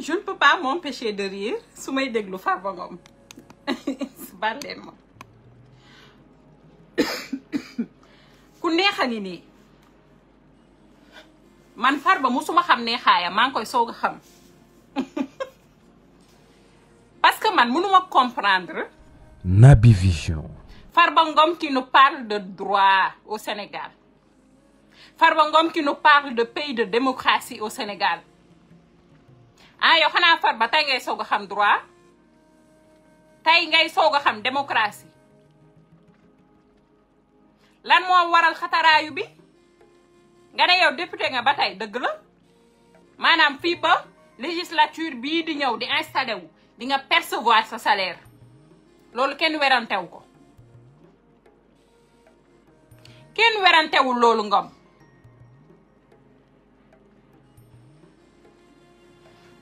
je ne peux pas m'empêcher de rire si pas, déglu Farba Ngom baal leen je man Farba musuma xam mang koy xam parce que man pas comprendre Nabi Vision Farba qui nous parle de droit au Sénégal Farba qui nous parle de pays de démocratie au Sénégal ah xanaa far ba tey ngay soog a xam droit tay ngay soog a xam démocratie lan moo waral xataraayu bi nga ne yow député nga ba tey dëgg la maanaam fii ba législature bii di ñëw di installé wu dinga nga percevoir sa loolu kenn werantewu ko kenn werantewu loolu ngom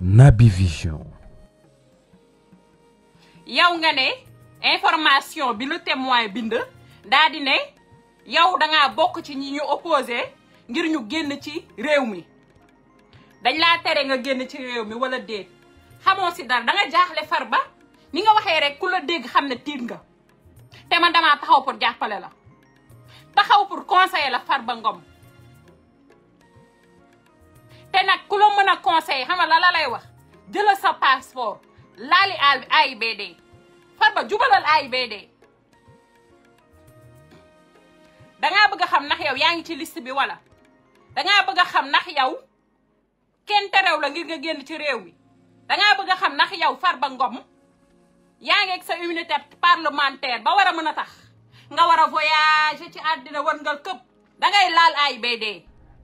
Naby yow nga ne information bi le témoin bind daa di ne yow da bokk ci ñi ñu opposé ngir ñu génn ci réew mi dañ laa tere nga génn ci réew mi wala déet xamoo si dara da jaaxle far ba ni nga waxee rek ku la dégg xam ne tiit nga te man damaa taxaw pour jàppale la taxaw pour conseiller la Farba Ngom. te nag ku la mën a conseil xam nga la la lay wax jëla sa passeport laali al AIBD Farba jubalal AIBD dangaa bëgg a xam nax yow yaa ngi ci list bi wala dangaa bëgg a xam nax yow kenn terew la ngir nga génn ci réew mi dangaa bëgg a xam ndax yow Farba Ngom yaa ngi sa unité parlementaire ba war a mën a tax nga war a voyager ci àddina wërngal këpp dangay laal AIBD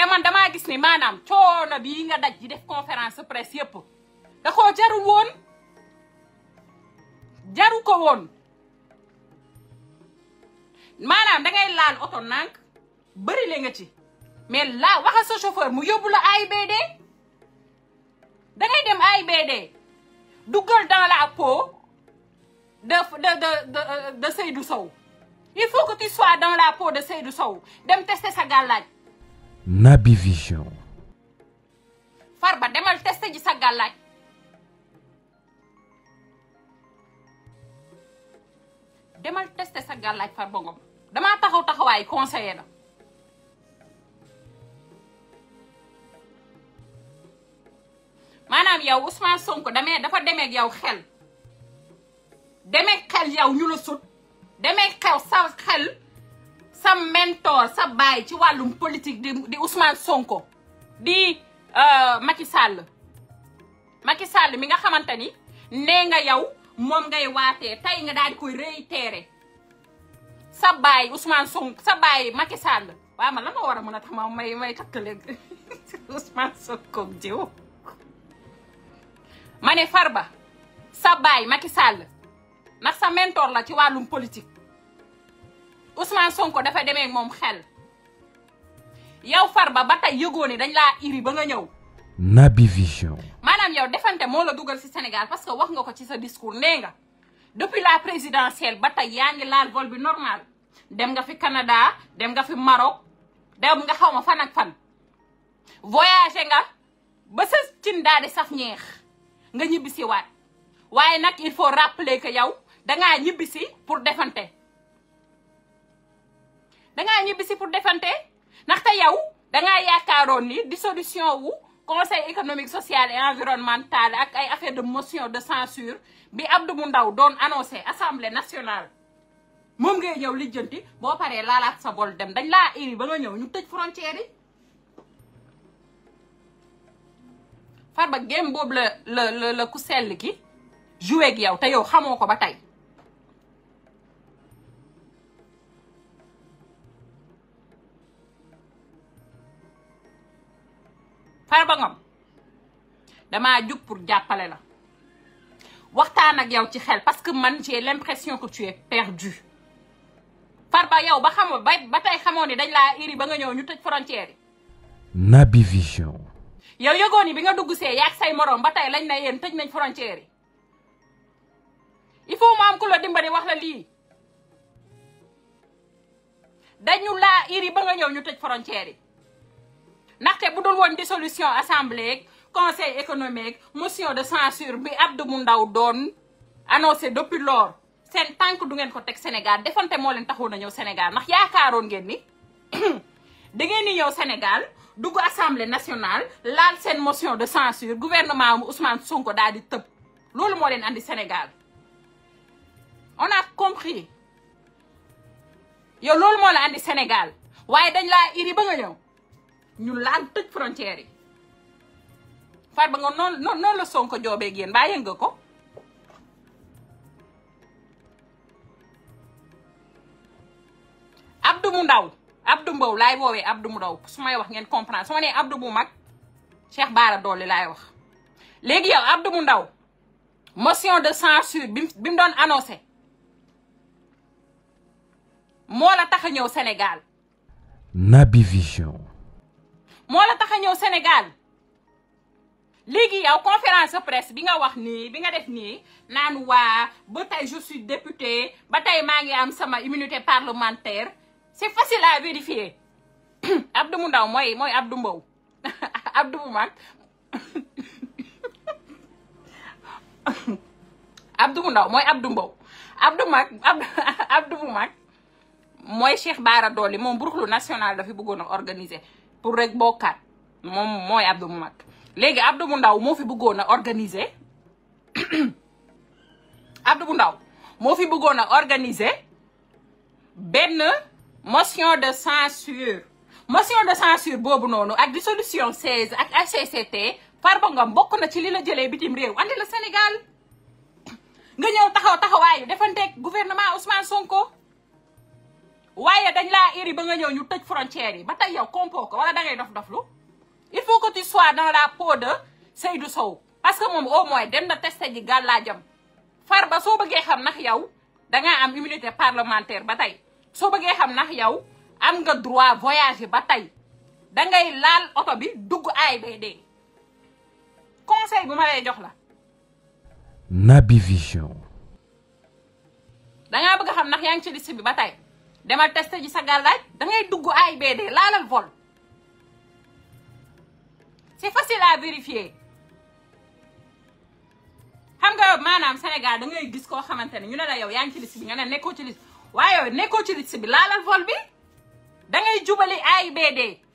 te man damaa gis ni maanaam coono bii nga daj ji def conférence presse yëpp da koo jaru woon jaru ko woon maanaam dangay laal oto nànk bëri le nga ci mais laa waxa sa chauffeur mu yóbbu la AIBD dangay dem AIBD duggal dans la peau de de de de Seydou Sow il faut que tu sois dans la peau de Seydou Sow dem tester sa gàllaaj Naby Vision. ba demal testé ji sa gàllaaj. demal testé sa gàllaaj Farba Ngom damaa taxaw taxawaay conseiller la. maanaam yow Ousmane Sonko damee dafa demeeg yow xel. demee xel yow ñu sut demee xel sa xel. sa mentor sa baay ci wàllum politique di di Ousmane Sonko di euh, Macky Sall Macky Sall mi nga xamante ni nee nga yow moom ngay waatee tey nga daal di koy réitéré sa baay Ousmane Sonko sa baay Macky Sall waaw man lan moo war a mën a tax ma may may takkale Ousmane Sonko jiw ma Farba sa baay Macky Sall ndax sa mentor la ci wàllum politique. Ousmane ko dafa demee moom xel yow far ba tey yëgoo ni dañ laa iri ba nga ñëw. Naby Vision. maanaam yow defante moo la dugal ci Sénégal parce que wax nga ko ci sa discours nee nga depuis la présidentielle ba tey yaa ngi laal vol bi normal dem nga fi Canada dem nga fi Maroc dem nga xaw ma fan ak fan voyagé nga ba sa cin daal di saf ñeex nga ñibbisiwaat waaye nag il faut rappeler que yow dangaa ñibbisi pour defante. dangaa ñibbisi pour defante ndaxte dissolution du conseil économique social et environnemental et de motion de censure bi Abdou annoncé assemblée nationale Mom ngay sa bol dem dañ iri ba nga frontière game la le le ki ak yow Farba dama damaa jug pour jàppale la waxtaan ak yow ci xel parce que man j'ai l'impression que tu es perdu Farba yow ba xam ba tay xamone dañ la iri ba nga ñew ñu tëj frontière nabi Vision. yow yëgoon bi nga dugg sé yak say morom ba tay lañ na yeen tëj nañ frontière il faut maam ko lo dimbali wax la li. dañu la iri ba nga ñew ñu tëj frontière ndaxte bu dissolution assemblée conseil économique motion de censure bi Abdou annoncé depuis lors c'est temps que Sénégal defante Sénégal ni assemblée nationale l'ancienne motion de censure gouvernement Ousmane Sonko Sénégal on a compris Yo, loolu Sénégal ñu laal tëj frontière yi fat ba nga noonu noonu la Sonko joobee yéen bàyyi nga ko Abdou mu ndaw Abdou Mbow laay woowee abdu mu ndaw su may wax ngeen comprendre su ma nee abdu mu mag Cheikh Bara Dolly laay wax léegi yow Abdou mu ndaw motion de censure bi bi mu doon annoncé moo la tax a ñëw Sénégal Naby Moi la tax a ñëw Sénégal léegi yow conférence de presse bi nga wax ni, bi nga def ni, naan wa, ba je suis député ba mangi maa ngi am sama immunité parlementaire c'est facile à vérifier Abdou mu moy mooy mooy Abdou Mbow Abdou Moumak. Abdou Moundaw moy Abdou Mbow Abdou Mak, Abdou bu mag Cheikh Bara Dolly moom buruxlu national da fi a organiser pour rek bokkaat moom mooy Abdou mu mag léegi Abdou mu ndaw moo fi bëggoon a organiser Abdou mu ndaw moo fi bëggoon a organiser benn motion de censure motion de censure boobu noonu ak solution 16 ak HCCT Farba Ngom bokk na ci li la jëlee bitim réew andi la Sénégal nga ñëw taxaw taxawaayu defanteeg gouvernement Ousmane Sonko. waaye dañ laa iri ba nga ñëw ñu tëj frontière yi ba tay yow compo ko wala da ngay dof doflu il faut que tu sois dans la peau de Seydou Sow parce que moom au moins dem na testé ji gàllaajam far ba soo bëggee xam nax yow dangaa am immunité parlementaire ba tey soo bëggee xam nax yow am nga droit voyager ba tey dangay laal oto bi dugg AIBD conseil bu ma lay jox la. Naby Vision. dangaa bëgg xam nax yaa ngi ci liste bi ba tey. demal testé ji sa gàllaaj da ngay dugg AIBD laalal vol c'est facile à vérifier xam nga maanaam Sénégal da ngay gis koo xamante ne ñu ne la yow yaa ngi ci liste bi nga nekkoo ci liste waaye yow nekkoo ci liste bi laalal vol bi da ngay jubali AIBD.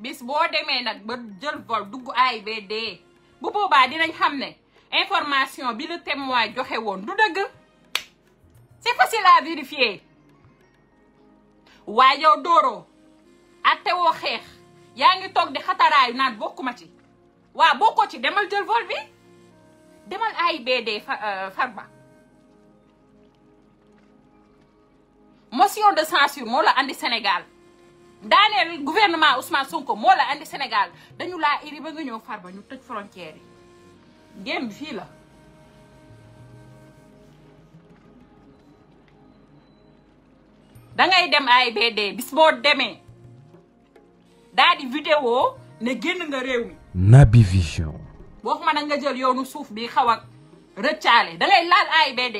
bis boo demee nag ba jël vol dugg AIBD bu boobaa dinañ xam ne information bi le témoin joxe woon du dëgg c'est facile à vérifier waaye yow dooroo atte woo xeex yaa ngi toog di xataraayu naan bokkuma ci waa bokkoo ci demal jël vol bi demal AIBD euh, Farba motion de censure moo la andi Sénégal daaneel gouvernement Ousmane Sonko moo la andi Sénégal dañu laa iri ba nga ñëw far ba ñu tëj frontière yi game fii la dangay dem AIBD bis boo demee daa di ne génn nga réew mi Naby Vision boo xam ne nga jël yoonu suuf bi xaw ak rëccaale dangay laal AIBD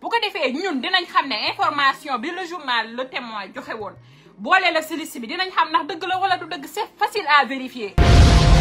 bu ko defee ñun dinañ xam ne information bi le journal le témoin joxe woon boole la si liste bi dinañ xam ndax dëgg la wala du dëgg c'est facile à vérifier